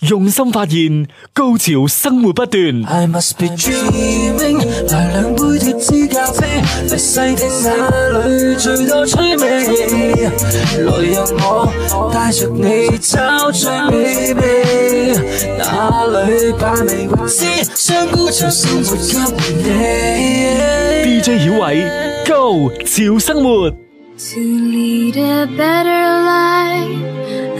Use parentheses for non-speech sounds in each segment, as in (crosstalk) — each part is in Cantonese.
用心發現，高潮生活不斷。I must be dreaming，來兩杯脫脂咖啡，不細的眼裏最多催味。來讓我帶着你找尋祕密，哪裏把美發現？將高潮生活給予你。DJ 曉偉，Go，潮生活。To lead a better life.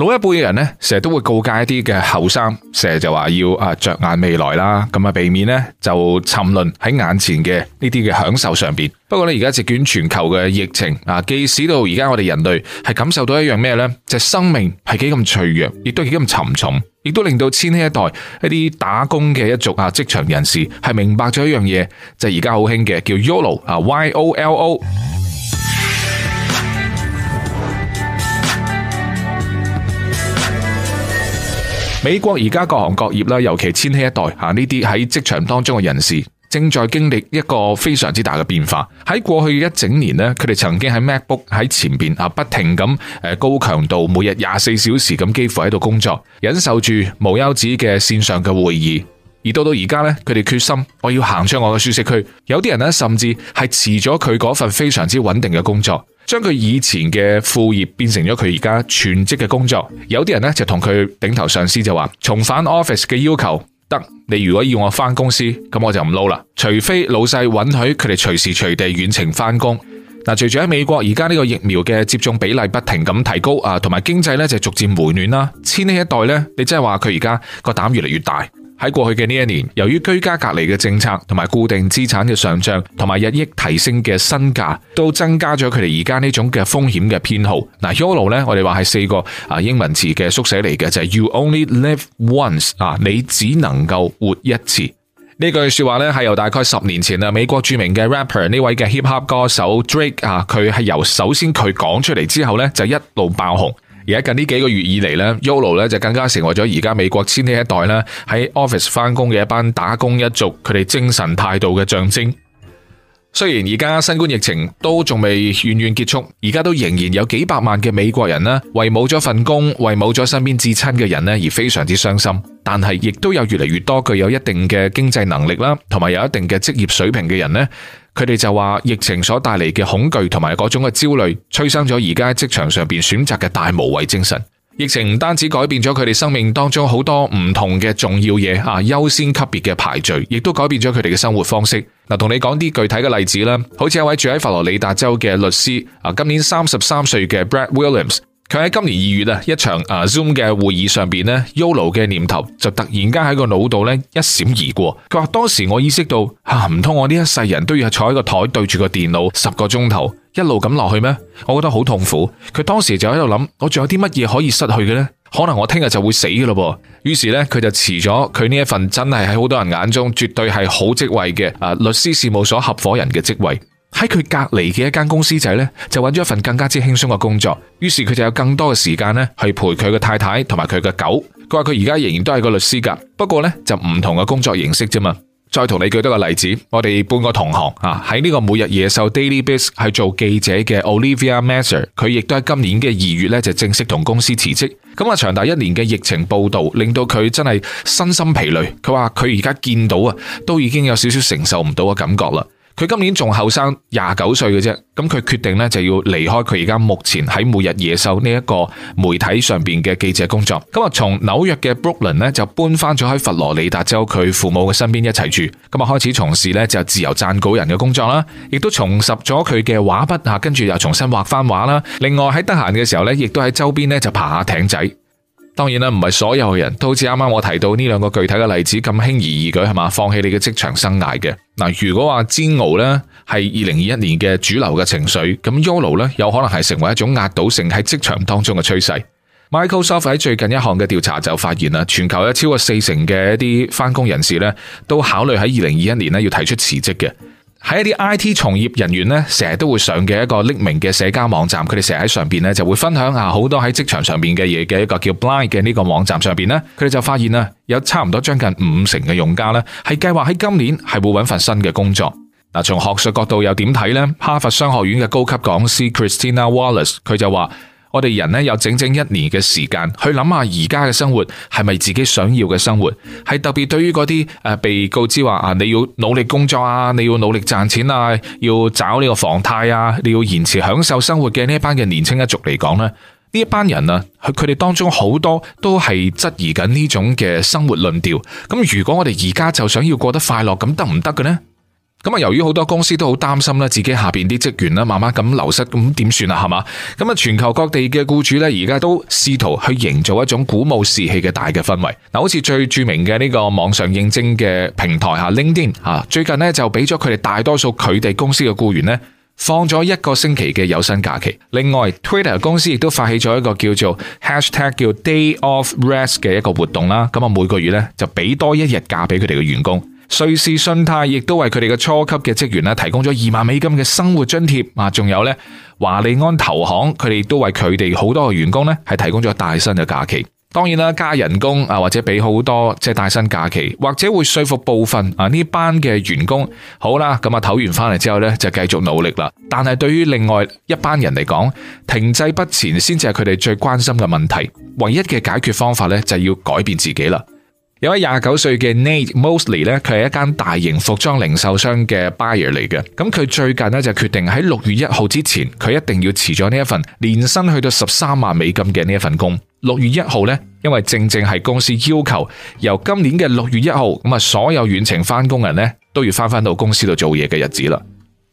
老一輩嘅人咧，成日都會告誡一啲嘅後生，成日就話要啊着眼未來啦，咁啊避免咧就沉淪喺眼前嘅呢啲嘅享受上邊。不過咧而家席捲全球嘅疫情啊，即使到而家我哋人類係感受到一樣咩呢？就係、是、生命係幾咁脆弱，亦都幾咁沉重，亦都令到千禧一代一啲打工嘅一族啊，職場人士係明白咗一樣嘢，就係而家好興嘅叫 YOLO 啊，Y O L O。L O 美國而家各行各業啦，尤其千禧一代吓呢啲喺職場當中嘅人士，正在經歷一個非常之大嘅變化。喺過去一整年咧，佢哋曾經喺 MacBook 喺前邊啊，不停咁誒高強度，每日廿四小時咁，幾乎喺度工作，忍受住無休止嘅線上嘅會議。而到到而家咧，佢哋決心，我要行出我嘅舒適區。有啲人咧，甚至係辭咗佢嗰份非常之穩定嘅工作，將佢以前嘅副業變成咗佢而家全職嘅工作。有啲人咧就同佢頂頭上司就話，重返 office 嘅要求得你，如果要我翻公司咁，那我就唔撈啦，除非老細允許佢哋隨時隨地遠程翻工嗱。隨住喺美國而家呢個疫苗嘅接種比例不停咁提高啊，同埋經濟咧就逐漸回暖啦。千禧一代咧，你真係話佢而家個膽越嚟越大。喺過去嘅呢一年，由於居家隔離嘅政策，同埋固定資產嘅上漲，同埋日益提升嘅身價，都增加咗佢哋而家呢種嘅風險嘅偏好。嗱，YOLO 咧，我哋話係四個啊英文詞嘅縮寫嚟嘅，就係、是、You Only Live Once 啊，你只能夠活一次。呢 (music) 句說話咧，係由大概十年前啊美國著名嘅 rapper 呢位嘅嘻哈歌手 Drake 啊，佢係由首先佢講出嚟之後咧，就一路爆紅。而喺近呢幾個月以嚟呢 YOLO 咧就更加成為咗而家美國千禧一代咧喺 office 翻工嘅一班打工一族佢哋精神態度嘅象徵。雖然而家新冠疫情都仲未完完全結束，而家都仍然有幾百萬嘅美國人咧為冇咗份工、為冇咗身邊至親嘅人咧而非常之傷心。但係亦都有越嚟越多具有一定嘅經濟能力啦，同埋有一定嘅職業水平嘅人咧。佢哋就話疫情所帶嚟嘅恐懼同埋各種嘅焦慮，催生咗而家職場上邊選擇嘅大無畏精神。疫情唔單止改變咗佢哋生命當中好多唔同嘅重要嘢啊，優先級別嘅排序，亦都改變咗佢哋嘅生活方式。嗱、啊，同你講啲具體嘅例子啦，好似一位住喺佛羅里達州嘅律師、啊、今年三十三歲嘅 Brad Williams。佢喺今年二月啊，一場啊 Zoom 嘅會議上面呢 YOLO 嘅念頭就突然間喺個腦度咧一閃而過。佢話當時我意識到吓，唔通我呢一世人都要坐喺個台對住個電腦十個鐘頭一路咁落去咩？我覺得好痛苦。佢當時就喺度諗，我仲有啲乜嘢可以失去嘅呢？可能我聽日就會死噶咯噃。於是呢，佢就辭咗佢呢一份真係喺好多人眼中絕對係好職位嘅啊律師事務所合伙人嘅職位。喺佢隔籬嘅一間公司仔呢，就揾咗一份更加之輕鬆嘅工作，於是佢就有更多嘅時間咧去陪佢嘅太太同埋佢嘅狗。佢話佢而家仍然都係個律師噶，不過呢，就唔同嘅工作形式啫嘛。再同你舉多個例子，我哋半個同行啊，喺呢個每日野獸 Daily Beast 係做記者嘅 Olivia Messer，佢亦都喺今年嘅二月呢就正式同公司辭職。咁啊，長達一年嘅疫情報道令到佢真係身心疲累。佢話佢而家見到啊，都已經有少少承受唔到嘅感覺啦。佢今年仲後生廿九歲嘅啫，咁佢決定咧就要離開佢而家目前喺每日野獸呢一個媒體上邊嘅記者工作，咁啊從紐約嘅 Brooklyn 咧就搬翻咗喺佛羅里達州佢父母嘅身邊一齊住，咁啊開始從事咧就自由撰稿人嘅工作啦，亦都重拾咗佢嘅畫筆啊，跟住又重新畫翻畫啦，另外喺得閒嘅時候咧，亦都喺周邊咧就爬下艇仔。當然啦，唔係所有人都好似啱啱我提到呢兩個具體嘅例子咁輕而易舉係嘛，放棄你嘅職場生涯嘅嗱。如果話煎熬呢，係二零二一年嘅主流嘅情緒，咁 YOLO 呢，有可能係成為一種壓倒性喺職場當中嘅趨勢。Microsoft 喺最近一項嘅調查就發現啦，全球有超過四成嘅一啲返工人士呢，都考慮喺二零二一年呢要提出辭職嘅。喺一啲 IT 從業人員呢，成日都會上嘅一個匿名嘅社交網站，佢哋成日喺上邊呢，就會分享下好多喺職場上邊嘅嘢嘅一個叫 Blind 嘅呢個網站上邊呢，佢哋就發現啊，有差唔多將近五成嘅用家呢，係計劃喺今年係會揾份新嘅工作。嗱，從學術角度又點睇呢？哈佛商學院嘅高級講師 Christina Wallace 佢就話。我哋人呢，有整整一年嘅時間去諗下而家嘅生活係咪自己想要嘅生活，係特別對於嗰啲誒被告知話啊你要努力工作啊，你要努力賺錢啊，要找呢個房貸啊，你要延遲享受生活嘅呢一班嘅年輕一族嚟講咧，呢一班人啊，佢哋當中好多都係質疑緊呢種嘅生活論調。咁如果我哋而家就想要過得快樂，咁得唔得嘅呢？咁啊，由於好多公司都好擔心咧，自己下邊啲職員啦，慢慢咁流失，咁點算啊？係嘛，咁啊，全球各地嘅僱主咧，而家都試圖去營造一種鼓舞士氣嘅大嘅氛圍。嗱，好似最著名嘅呢個網上應徵嘅平台吓 LinkedIn 吓，LinkedIn，最近咧就俾咗佢哋大多數佢哋公司嘅僱員咧，放咗一個星期嘅有薪假期。另外，Twitter 公司亦都發起咗一個叫做 hashtag 叫 Day of Rest 嘅一個活動啦。咁啊，每個月咧就俾多一日假俾佢哋嘅員工。瑞士信貸亦都為佢哋嘅初級嘅職員咧提供咗二萬美金嘅生活津貼啊，仲有咧華利安投行，佢哋都為佢哋好多嘅員工咧係提供咗帶薪嘅假期。當然啦，加人工啊，或者俾好多即係帶薪假期，或者會說服部分啊呢班嘅員工。好啦，咁啊唞完翻嚟之後呢，就繼續努力啦。但係對於另外一班人嚟講，停滯不前先至係佢哋最關心嘅問題。唯一嘅解決方法呢，就係要改變自己啦。有位廿九歲嘅 Nate Mosley 咧，佢係一間大型服裝零售商嘅 buyer 嚟嘅。咁佢最近呢，就決定喺六月一號之前，佢一定要辭咗呢份年薪去到十三萬美金嘅呢份工。六月一號呢，因為正正係公司要求，由今年嘅六月一號，咁啊所有遠程翻工人咧都要翻翻到公司度做嘢嘅日子啦。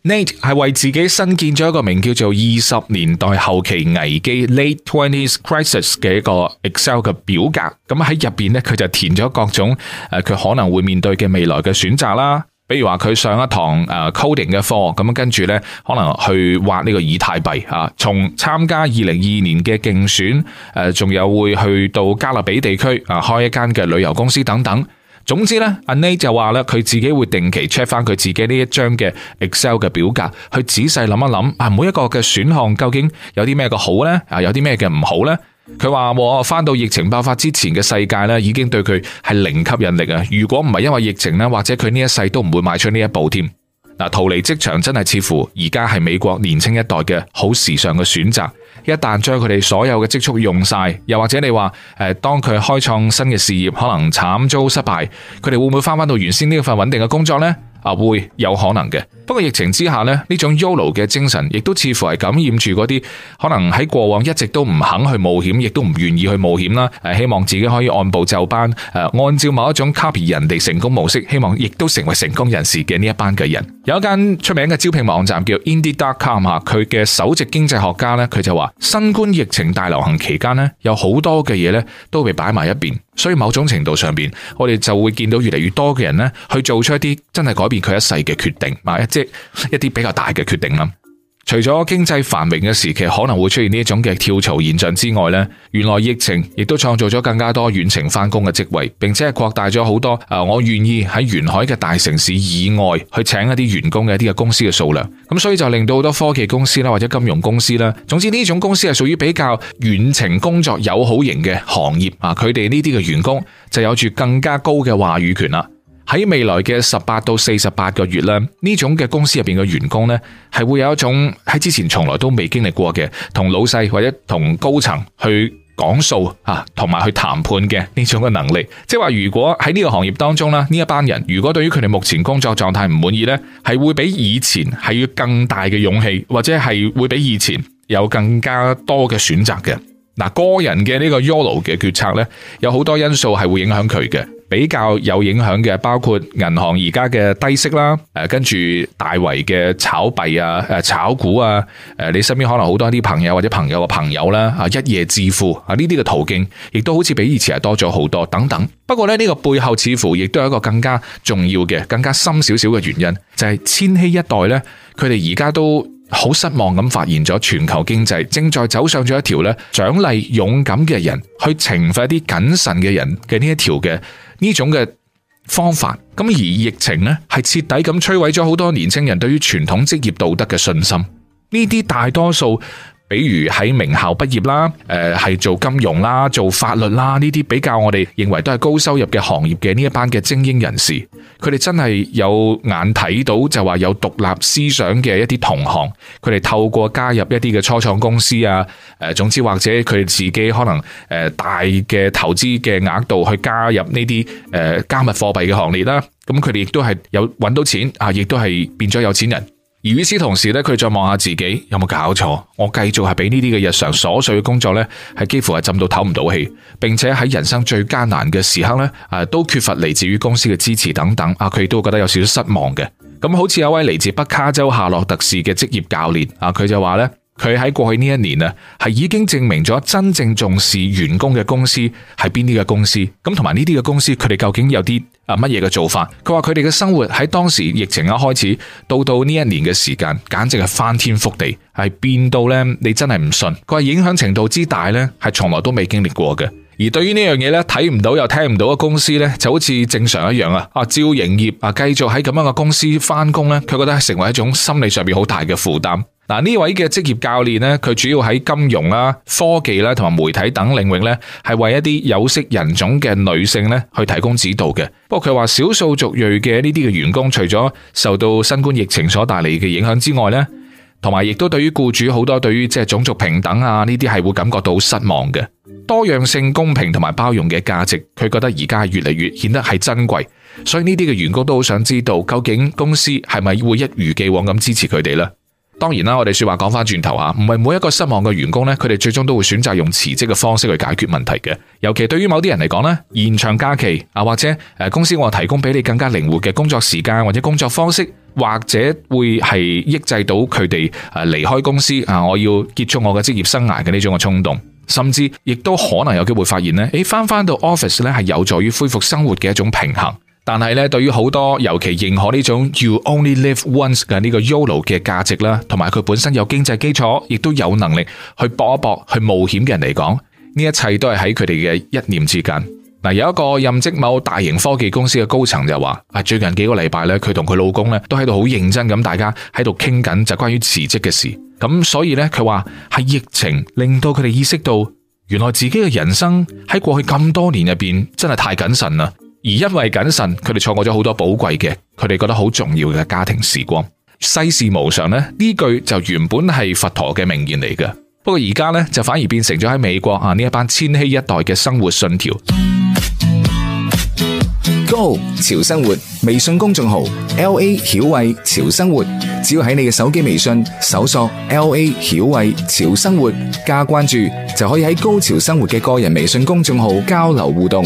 Nate 係為自己新建咗一個名叫做《二十年代後期危機》（Late Twenties Crisis） 嘅一個 Excel 嘅表格，咁喺入邊咧，佢就填咗各種誒佢可能會面對嘅未來嘅選擇啦，比如話佢上一堂誒 coding 嘅課，咁跟住呢，可能去挖呢個以太幣啊，從參加二零二二年嘅競選，誒仲有會去到加勒比地區啊開一間嘅旅遊公司等等。總之咧，阿 Neil 就話咧，佢自己會定期 check 翻佢自己呢一張嘅 Excel 嘅表格，去仔細諗一諗啊，每一個嘅選項究竟有啲咩嘅好呢？啊，有啲咩嘅唔好呢？佢話翻到疫情爆發之前嘅世界咧，已經對佢係零吸引力啊！如果唔係因為疫情咧，或者佢呢一世都唔會邁出呢一步添。逃離職場真係似乎而家係美國年輕一代嘅好時尚嘅選擇。一旦將佢哋所有嘅積蓄用晒，又或者你話誒，當佢開創新嘅事業可能慘遭失敗，佢哋會唔會翻翻到原先呢份穩定嘅工作呢？啊，會有可能嘅。不過疫情之下咧，呢種 yolo 嘅精神，亦都似乎係感染住嗰啲可能喺過往一直都唔肯去冒險，亦都唔願意去冒險啦。誒，希望自己可以按部就班，誒，按照某一種 copy 人哋成功模式，希望亦都成為成功人士嘅呢一班嘅人。有一間出名嘅招聘網站叫 Indeed.com，佢嘅首席經濟學家呢，佢就話：新冠疫情大流行期間呢，有好多嘅嘢呢，都被擺埋一邊，所以某種程度上邊，我哋就會見到越嚟越多嘅人呢，去做出一啲真係改變佢一世嘅決定。一啲比較大嘅決定啦。除咗經濟繁榮嘅時期可能會出現呢一種嘅跳槽現象之外咧，原來疫情亦都創造咗更加多遠程返工嘅職位，並且係擴大咗好多。誒，我願意喺沿海嘅大城市以外去請一啲員工嘅一啲嘅公司嘅數量。咁所以就令到好多科技公司啦，或者金融公司啦，總之呢種公司係屬於比較遠程工作友好型嘅行業啊。佢哋呢啲嘅員工就有住更加高嘅話語權啦。喺未來嘅十八到四十八個月咧，呢種嘅公司入邊嘅員工咧，係會有一種喺之前從來都未經歷過嘅，同老細或者同高層去講數啊，同埋去談判嘅呢種嘅能力。即係話，如果喺呢個行業當中咧，呢一班人如果對於佢哋目前工作狀態唔滿意咧，係會比以前係要更大嘅勇氣，或者係會比以前有更加多嘅選擇嘅。嗱，個人嘅呢個 Yolo 嘅決策咧，有好多因素係會影響佢嘅。比較有影響嘅包括銀行而家嘅低息啦，誒，跟住大圍嘅炒幣啊，誒，炒股啊，誒，你身邊可能好多啲朋友或者朋友嘅朋友啦，啊，一夜致富啊呢啲嘅途徑，亦都好似比以前係多咗好多等等。不過咧呢個背後似乎亦都有一個更加重要嘅、更加深少少嘅原因，就係千禧一代咧，佢哋而家都，好失望咁發現咗全球經濟正在走上咗一條咧獎勵勇敢嘅人去懲罰一啲謹慎嘅人嘅呢一條嘅呢種嘅方法，咁而疫情咧係徹底咁摧毀咗好多年青人對於傳統職業道德嘅信心，呢啲大多數。比如喺名校畢業啦，誒係做金融啦、做法律啦，呢啲比較我哋認為都係高收入嘅行業嘅呢一班嘅精英人士，佢哋真係有眼睇到就話有獨立思想嘅一啲同行，佢哋透過加入一啲嘅初創公司啊，誒，總之或者佢哋自己可能誒大嘅投資嘅額度去加入呢啲誒加密貨幣嘅行列啦，咁佢哋亦都係有揾到錢啊，亦都係變咗有錢人。而與此同時呢，佢再望下自己有冇搞錯？我繼續係俾呢啲嘅日常瑣碎嘅工作呢，係幾乎係浸到唞唔到氣。並且喺人生最艱難嘅時刻呢，啊都缺乏嚟自於公司嘅支持等等，啊佢亦都覺得有少少失望嘅。咁好似有位嚟自北卡州夏洛特市嘅職業教練啊，佢就話呢。佢喺過去呢一年啊，係已經證明咗真正重視員工嘅公司係邊啲嘅公司。咁同埋呢啲嘅公司，佢哋究竟有啲啊乜嘢嘅做法？佢話佢哋嘅生活喺當時疫情一開始到到呢一年嘅時間，簡直係翻天覆地，係變到咧你真係唔信。佢話影響程度之大咧，係從來都未經歷過嘅。而對於呢樣嘢咧，睇唔到又聽唔到嘅公司咧，就好似正常一樣啊！啊，照營業啊，繼續喺咁樣嘅公司翻工咧，佢覺得係成為一種心理上邊好大嘅負擔。嗱，呢位嘅職業教練呢，佢主要喺金融啦、科技啦同埋媒體等領域呢，係為一啲有色人種嘅女性呢去提供指導嘅。不過佢話，少數族裔嘅呢啲嘅員工，除咗受到新冠疫情所帶嚟嘅影響之外呢，同埋亦都對於僱主好多對於即係種族平等啊呢啲係會感覺到失望嘅。多樣性、公平同埋包容嘅價值，佢覺得而家係越嚟越顯得係珍貴，所以呢啲嘅員工都好想知道，究竟公司係咪會一如既往咁支持佢哋呢？當然啦，我哋說話講翻轉頭啊，唔係每一個失望嘅員工咧，佢哋最終都會選擇用辭職嘅方式去解決問題嘅。尤其對於某啲人嚟講咧，延長假期啊，或者誒公司我提供畀你更加靈活嘅工作時間或者工作方式，或者會係抑制到佢哋誒離開公司啊，我要結束我嘅職業生涯嘅呢種嘅衝動，甚至亦都可能有機會發現咧，誒翻翻到 office 咧係有助於恢復生活嘅一種平衡。但係咧，對於好多尤其認可呢種 You Only Live Once 嘅呢個 YOLO 嘅價值啦，同埋佢本身有經濟基礎，亦都有能力去搏一搏，去冒險嘅人嚟講，呢一切都係喺佢哋嘅一念之間。嗱，有一個任職某大型科技公司嘅高層就話，啊，最近幾個禮拜咧，佢同佢老公咧都喺度好認真咁，大家喺度傾緊就關於辭職嘅事。咁所以咧，佢話係疫情令到佢哋意識到，原來自己嘅人生喺過去咁多年入邊真係太謹慎啦。而因為謹慎，佢哋錯過咗好多寶貴嘅，佢哋覺得好重要嘅家庭時光。世事無常咧，呢句就原本係佛陀嘅名言嚟嘅。不過而家呢，就反而變成咗喺美國啊呢一班千禧一代嘅生活信條。Go, 潮生活微信公眾號 L A 曉慧潮生活，只要喺你嘅手機微信搜索 L A 曉慧潮生活加關注，就可以喺高潮生活嘅個人微信公眾號交流互動。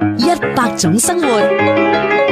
各種生活。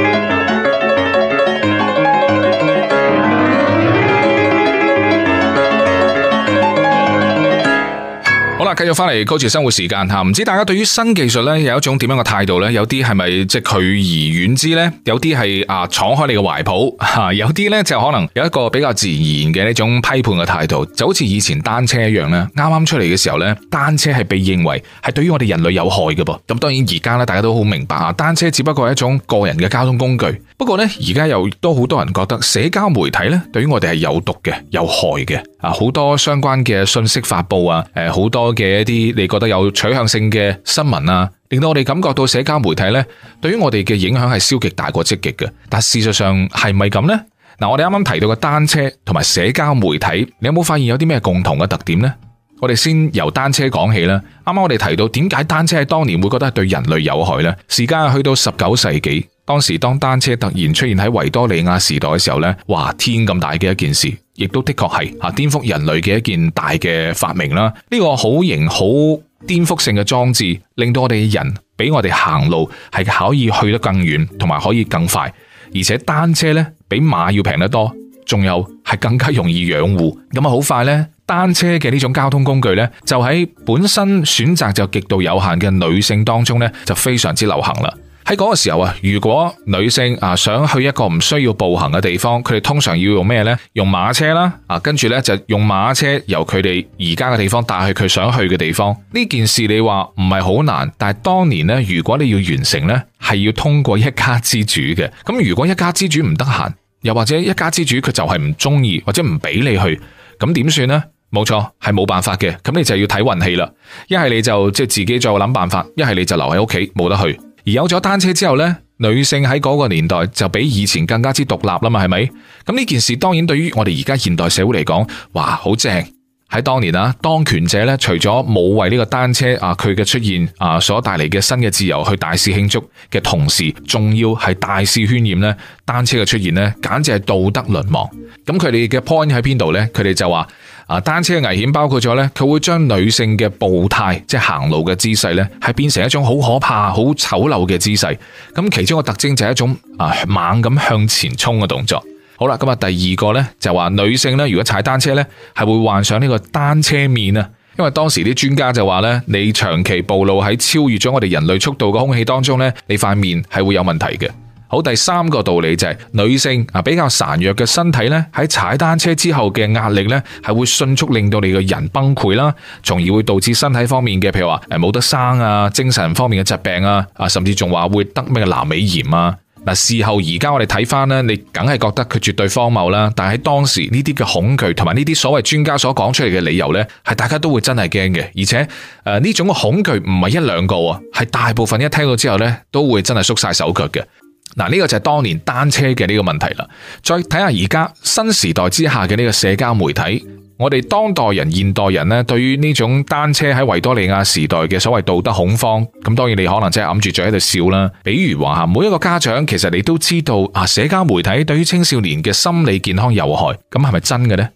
繼續翻嚟高處生活時間吓，唔知大家對於新技術咧有一種點樣嘅態度咧？有啲係咪即係拒而遠之咧？有啲係啊，敞開你嘅懷抱吓，有啲咧就可能有一個比較自然嘅呢種批判嘅態度，就好似以前單車一樣咧。啱啱出嚟嘅時候咧，單車係被認為係對於我哋人類有害嘅噃。咁當然而家咧，大家都好明白吓，單車只不過係一種個人嘅交通工具。不過呢，而家又都好多人覺得社交媒體呢，對於我哋係有毒嘅、有害嘅啊！好多相關嘅信息發布啊，誒，好多嘅一啲你覺得有取向性嘅新聞啊，令到我哋感覺到社交媒體呢，對於我哋嘅影響係消極大過積極嘅。但事實上係咪咁呢？嗱，我哋啱啱提到嘅單車同埋社交媒體，你有冇發現有啲咩共同嘅特點呢？我哋先由單車講起啦。啱啱我哋提到點解單車喺當年會覺得係對人類有害呢？時間去到十九世紀。當時當單車突然出現喺維多利亞時代嘅時候呢，哇，天咁大嘅一件事，亦都的確係吓顛覆人類嘅一件大嘅發明啦。呢個好型好顛覆性嘅裝置，令到我哋人比我哋行路係可以去得更遠，同埋可以更快。而且單車呢，比馬要平得多，仲有係更加容易養護。咁啊好快呢，單車嘅呢種交通工具呢，就喺本身選擇就極度有限嘅女性當中呢，就非常之流行啦。喺嗰個時候啊，如果女性啊想去一個唔需要步行嘅地方，佢哋通常要用咩呢？用馬車啦，啊，跟住呢，就用馬車由佢哋而家嘅地方帶去佢想去嘅地方。呢件事你話唔係好難，但係當年呢，如果你要完成呢，係要通過一家之主嘅。咁如果一家之主唔得閒，又或者一家之主佢就係唔中意或者唔俾你去，咁點算呢？冇錯，係冇辦法嘅。咁你就要睇運氣啦。一係你就即係自己再諗辦法，一係你就留喺屋企冇得去。而有咗單車之後呢，女性喺嗰個年代就比以前更加之獨立啦嘛，係咪？咁呢件事當然對於我哋而家現代社會嚟講，哇，好正！喺當年啊，當權者咧，除咗冇為呢個單車啊，佢嘅出現啊所帶嚟嘅新嘅自由去大肆慶祝嘅同時，仲要係大肆渲染咧單車嘅出現咧，簡直係道德淪亡。咁佢哋嘅 point 喺邊度呢？佢哋就話啊，單車嘅危險包括咗咧，佢會將女性嘅步態，即係行路嘅姿勢咧，係變成一種好可怕、好醜陋嘅姿勢。咁其中一個特徵就係一種啊猛咁向前衝嘅動作。好啦，咁啊，第二個咧就話女性咧，如果踩單車咧，係會患上呢個單車面啊。因為當時啲專家就話咧，你長期暴露喺超越咗我哋人類速度嘅空氣當中咧，你塊面係會有問題嘅。好，第三個道理就係女性啊，比較孱弱嘅身體咧，喺踩單車之後嘅壓力咧，係會迅速令到你嘅人崩潰啦，從而會導致身體方面嘅，譬如話誒冇得生啊，精神方面嘅疾病啊，啊甚至仲話會得咩闌尾炎啊。嗱，事後而家我哋睇翻呢，你梗係覺得佢絕對荒謬啦。但係喺當時呢啲嘅恐懼同埋呢啲所謂專家所講出嚟嘅理由呢，係大家都會真係驚嘅。而且誒呢、呃、種恐懼唔係一兩個啊，係大部分一聽到之後呢都會真係縮晒手腳嘅。嗱、呃、呢、這個就係當年單車嘅呢個問題啦。再睇下而家新時代之下嘅呢個社交媒體。我哋當代人、現代人咧，對於呢種單車喺維多利亞時代嘅所謂道德恐慌，咁當然你可能即係揞住嘴喺度笑啦。比如話吓，每一個家長其實你都知道啊，社交媒體對於青少年嘅心理健康有害，咁係咪真嘅呢？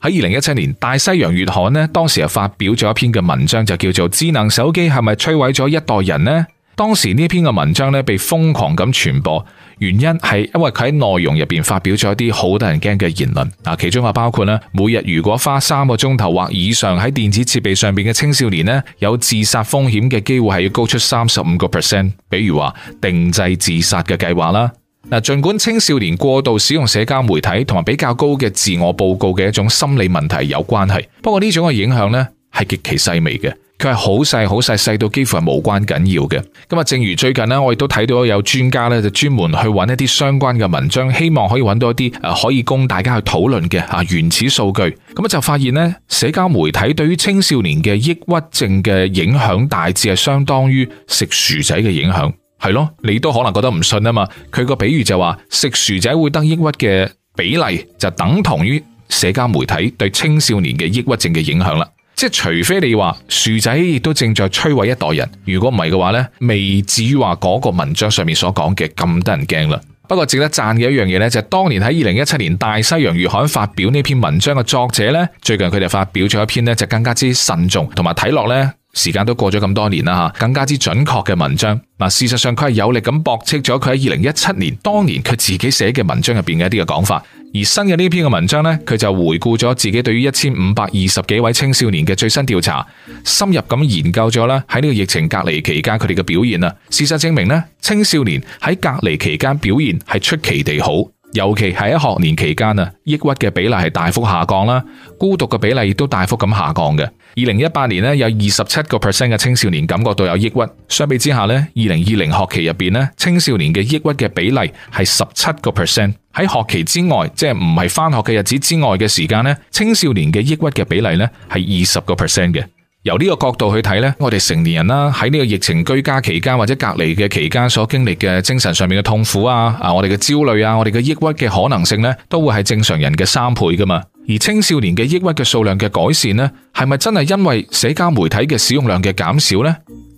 喺二零一七年，大西洋月刊咧，當時啊發表咗一篇嘅文章，就叫做智能手機係咪摧毀咗一代人呢？當時呢篇嘅文章咧被瘋狂咁傳播，原因係因為佢喺內容入邊發表咗一啲好得人驚嘅言論，嗱其中啊包括咧，每日如果花三個鐘頭或以上喺電子設備上邊嘅青少年咧，有自殺風險嘅機會係要高出三十五個 percent，比如話訂制自殺嘅計劃啦，嗱盡管青少年過度使用社交媒體同埋比較高嘅自我報告嘅一種心理問題有關係，不過呢種嘅影響咧係極其細微嘅。佢係好細好細，細到幾乎係無關緊要嘅。咁啊，正如最近呢，我亦都睇到有專家呢，就專門去揾一啲相關嘅文章，希望可以揾到一啲誒，可以供大家去討論嘅啊原始數據。咁啊，就發現呢，社交媒體對於青少年嘅抑鬱症嘅影響，大致係相當於食薯仔嘅影響，係咯。你都可能覺得唔信啊嘛？佢個比喻就話食薯仔會得抑鬱嘅比例，就等同於社交媒體對青少年嘅抑鬱症嘅影響啦。即除非你話薯仔亦都正在摧毀一代人，如果唔係嘅話呢，未至於話嗰個文章上面所講嘅咁得人驚啦。不過值得讚嘅一樣嘢咧，就係、是、當年喺二零一七年大西洋月刊發表呢篇文章嘅作者呢，最近佢哋發表咗一篇咧，就更加之慎重，同埋睇落呢。時間都過咗咁多年啦，吓，更加之準確嘅文章嗱，事實上佢係有力咁駁斥咗佢喺二零一七年當年佢自己寫嘅文章入邊嘅一啲嘅講法，而新嘅呢篇嘅文章呢，佢就回顧咗自己對於一千五百二十幾位青少年嘅最新調查，深入咁研究咗啦，喺呢個疫情隔離期間佢哋嘅表現啊，事實證明呢，青少年喺隔離期間表現係出奇地好。尤其係喺學年期間啊，抑鬱嘅比例係大幅下降啦，孤獨嘅比例亦都大幅咁下降嘅。二零一八年咧有二十七個 percent 嘅青少年感覺到有抑鬱，相比之下咧，二零二零學期入邊咧，青少年嘅抑鬱嘅比例係十七個 percent。喺學期之外，即係唔係翻學嘅日子之外嘅時間咧，青少年嘅抑鬱嘅比例咧係二十個 percent 嘅。由呢個角度去睇呢，我哋成年人啦，喺呢個疫情居家期間或者隔離嘅期間所經歷嘅精神上面嘅痛苦啊，啊，我哋嘅焦慮啊，我哋嘅抑鬱嘅可能性呢，都會係正常人嘅三倍噶嘛。而青少年嘅抑鬱嘅數量嘅改善呢，係咪真係因為社交媒體嘅使用量嘅減少呢？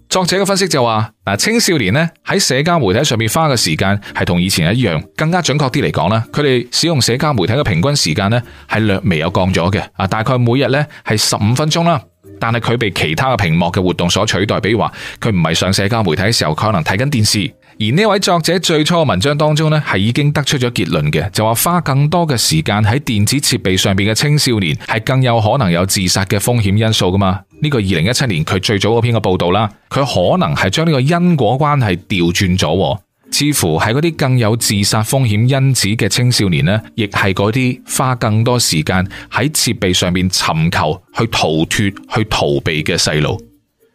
作者嘅分析就話嗱，青少年呢，喺社交媒體上面花嘅時間係同以前一樣，更加準確啲嚟講啦，佢哋使用社交媒體嘅平均時間呢，係略微有降咗嘅，啊，大概每日呢，係十五分鐘啦。但係佢被其他嘅屏幕嘅活動所取代，比如話佢唔係上社交媒體嘅時候，佢可能睇緊電視。而呢位作者最初嘅文章當中呢，係已經得出咗結論嘅，就話花更多嘅時間喺電子設備上邊嘅青少年，係更有可能有自殺嘅風險因素噶嘛。呢個二零一七年佢最早嗰篇嘅報道啦，佢可能係將呢個因果關係調轉咗。似乎係嗰啲更有自殺風險因子嘅青少年呢，亦係嗰啲花更多時間喺設備上面尋求去逃脫、去逃避嘅細路。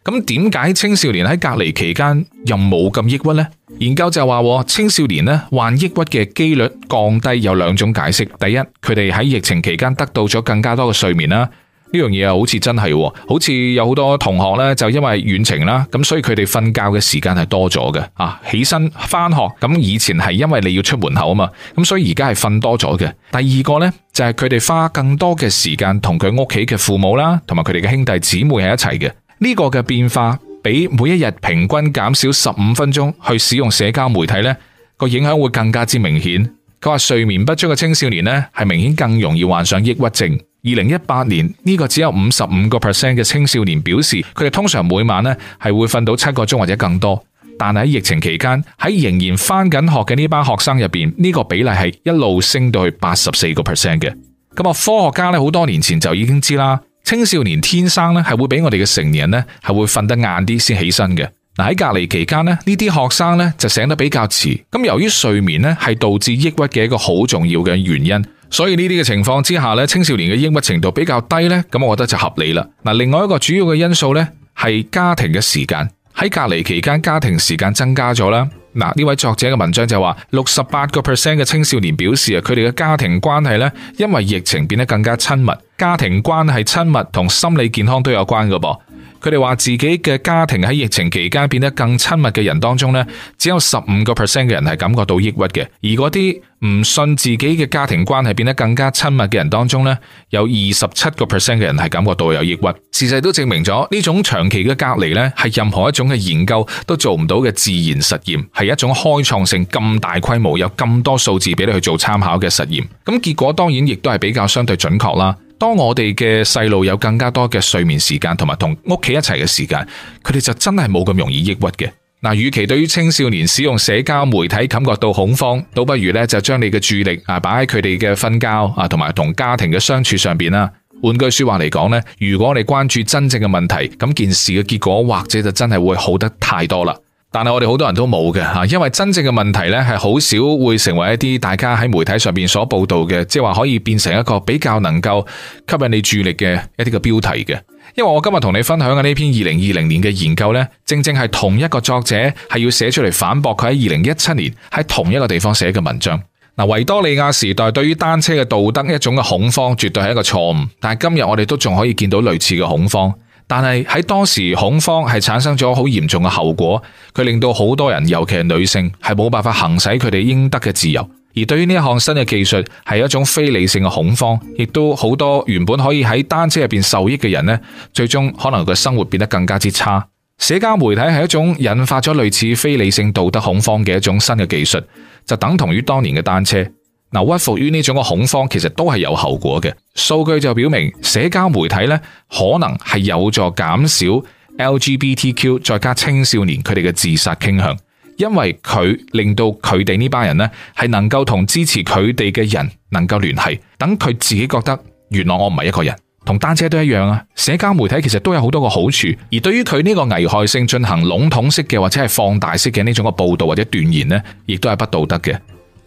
咁點解青少年喺隔離期間又冇咁抑鬱呢？研究就話青少年呢患抑鬱嘅幾率降低，有兩種解釋。第一，佢哋喺疫情期間得到咗更加多嘅睡眠啦。呢樣嘢好似真係，好似有好多同學呢，就因為遠程啦，咁所以佢哋瞓覺嘅時間係多咗嘅啊，起身翻學，咁以前係因為你要出門口啊嘛，咁所以而家係瞓多咗嘅。第二個呢，就係佢哋花更多嘅時間同佢屋企嘅父母啦，同埋佢哋嘅兄弟姊妹喺一齊嘅。呢個嘅變化比每一日平均減少十五分鐘去使用社交媒體呢，個影響會更加之明顯。佢話睡眠不足嘅青少年呢，係明顯更容易患上抑鬱症。二零一八年呢個只有五十五個 percent 嘅青少年表示，佢哋通常每晚呢係會瞓到七個鐘或者更多。但係喺疫情期間，喺仍然翻緊學嘅呢班學生入邊，呢個比例係一路升到去八十四個 percent 嘅。咁啊，科學家咧好多年前就已經知啦，青少年天生咧係會比我哋嘅成年人咧係會瞓得晏啲先起身嘅。喺隔離期間呢，呢啲學生咧就醒得比較遲。咁由於睡眠咧係導致抑鬱嘅一個好重要嘅原因。所以呢啲嘅情況之下咧，青少年嘅抑鬱程度比較低呢，咁我覺得就合理啦。嗱，另外一個主要嘅因素呢，係家庭嘅時間。喺隔離期間，家庭時間增加咗啦。嗱，呢位作者嘅文章就話，六十八個 percent 嘅青少年表示啊，佢哋嘅家庭關係呢，因為疫情變得更加親密，家庭關係親密同心理健康都有關㗎噃。佢哋話自己嘅家庭喺疫情期間變得更親密嘅人當中呢，只有十五個 percent 嘅人係感覺到抑鬱嘅；而嗰啲唔信自己嘅家庭關係變得更加親密嘅人當中呢，有二十七個 percent 嘅人係感覺到有抑鬱。事實都證明咗呢種長期嘅隔離呢，係任何一種嘅研究都做唔到嘅自然實驗，係一種開創性咁大規模、有咁多數字俾你去做參考嘅實驗。咁結果當然亦都係比較相對準確啦。.當我哋嘅細路有更加多嘅睡眠時間同埋同屋企一齊嘅時間，佢哋就真係冇咁容易抑鬱嘅。嗱，與其對於青少年使用社交媒體感覺到恐慌，倒不如咧就將你嘅注意力啊擺喺佢哋嘅瞓覺啊同埋同家庭嘅相處上邊啦。換句說話嚟講咧，如果你關注真正嘅問題，咁件事嘅結果或者就真係會好得太多啦。但係我哋好多人都冇嘅吓，因為真正嘅問題咧，係好少會成為一啲大家喺媒體上邊所報道嘅，即係話可以變成一個比較能夠吸引你注意力嘅一啲嘅標題嘅。因為我今日同你分享嘅呢篇二零二零年嘅研究咧，正正係同一個作者係要寫出嚟，反駁佢喺二零一七年喺同一個地方寫嘅文章。嗱，維多利亞時代對於單車嘅道德一種嘅恐慌，絕對係一個錯誤。但係今日我哋都仲可以見到類似嘅恐慌。但係喺當時，恐慌係產生咗好嚴重嘅後果，佢令到好多人，尤其係女性，係冇辦法行使佢哋應得嘅自由。而對於呢項新嘅技術，係一種非理性嘅恐慌，亦都好多原本可以喺單車入邊受益嘅人呢，最終可能個生活變得更加之差。社交媒體係一種引發咗類似非理性道德恐慌嘅一種新嘅技術，就等同於當年嘅單車。嗱，屈服於呢種嘅恐慌，其實都係有後果嘅。數據就表明，社交媒體咧可能係有助減少 LGBTQ 再加青少年佢哋嘅自殺傾向，因為佢令到佢哋呢班人咧係能夠同支持佢哋嘅人能夠聯繫，等佢自己覺得原來我唔係一個人。同單車都一樣啊，社交媒體其實都有好多個好處。而對於佢呢個危害性進行籠統式嘅或者係放大式嘅呢種嘅報道或者斷言呢亦都係不道德嘅。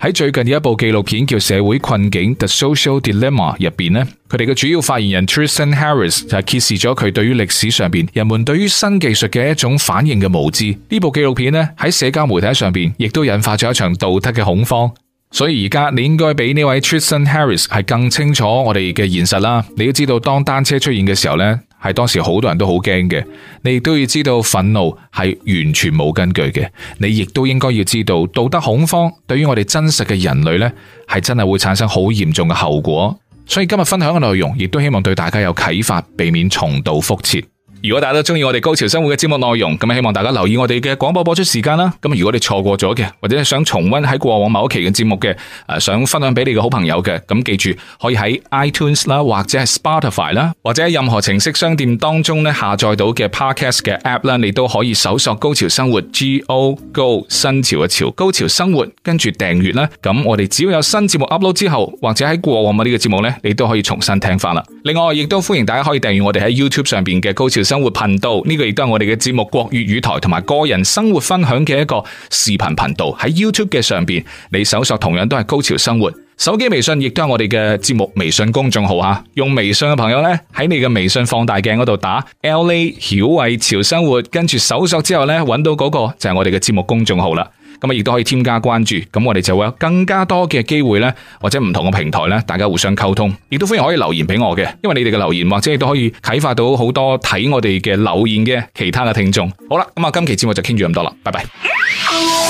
喺最近嘅一部紀錄片叫《社會困境 The Social Dilemma》入面，咧，佢哋嘅主要發言人 Tristan Harris 就揭示咗佢對於歷史上面人們對於新技術嘅一種反應嘅無知。呢部紀錄片咧喺社交媒體上面亦都引發咗一場道德嘅恐慌。所以而家你應該比呢位 Tristan Harris 係更清楚我哋嘅現實啦。你要知道當單車出現嘅時候呢。係當時好多人都好驚嘅，你亦都要知道憤怒係完全冇根據嘅。你亦都應該要知道道德恐慌對於我哋真實嘅人類咧，係真係會產生好嚴重嘅後果。所以今日分享嘅內容，亦都希望對大家有啟發，避免重蹈覆轍。如果大家都中意我哋高潮生活嘅節目內容，咁希望大家留意我哋嘅廣播播出時間啦。咁如果你錯過咗嘅，或者係想重溫喺過往某一期嘅節目嘅，誒，想分享俾你嘅好朋友嘅，咁記住可以喺 iTunes 啦，或者係 Spotify 啦，或者任何程式商店當中咧，下載到嘅 Podcast 嘅 App 啦，你都可以搜索高潮生活 G O Go 新潮嘅潮，高潮生活，跟住訂閱啦。咁我哋只要有新節目 upload 之後，或者喺過往嘅呢個節目呢，你都可以重新聽翻啦。另外亦都歡迎大家可以訂閱我哋喺 YouTube 上邊嘅高潮生活頻道呢，這個亦都係我哋嘅節目國粵語台同埋個人生活分享嘅一個視頻頻道喺 YouTube 嘅上邊，你搜索同樣都係高潮生活手機，微信亦都係我哋嘅節目微信公眾號吓，啊，用微信嘅朋友呢，喺你嘅微信放大鏡嗰度打 L A 曉偉潮生活，跟住搜索之後呢，揾到嗰個就係我哋嘅節目公眾號啦。咁亦都可以添加關注，咁我哋就會有更加多嘅機會，呢或者唔同嘅平台，呢大家互相溝通，亦都歡迎可以留言俾我嘅，因為你哋嘅留言或者亦都可以啟發到好多睇我哋嘅留言嘅其他嘅聽眾。好啦，咁啊，今期節目就傾住咁多啦，拜拜。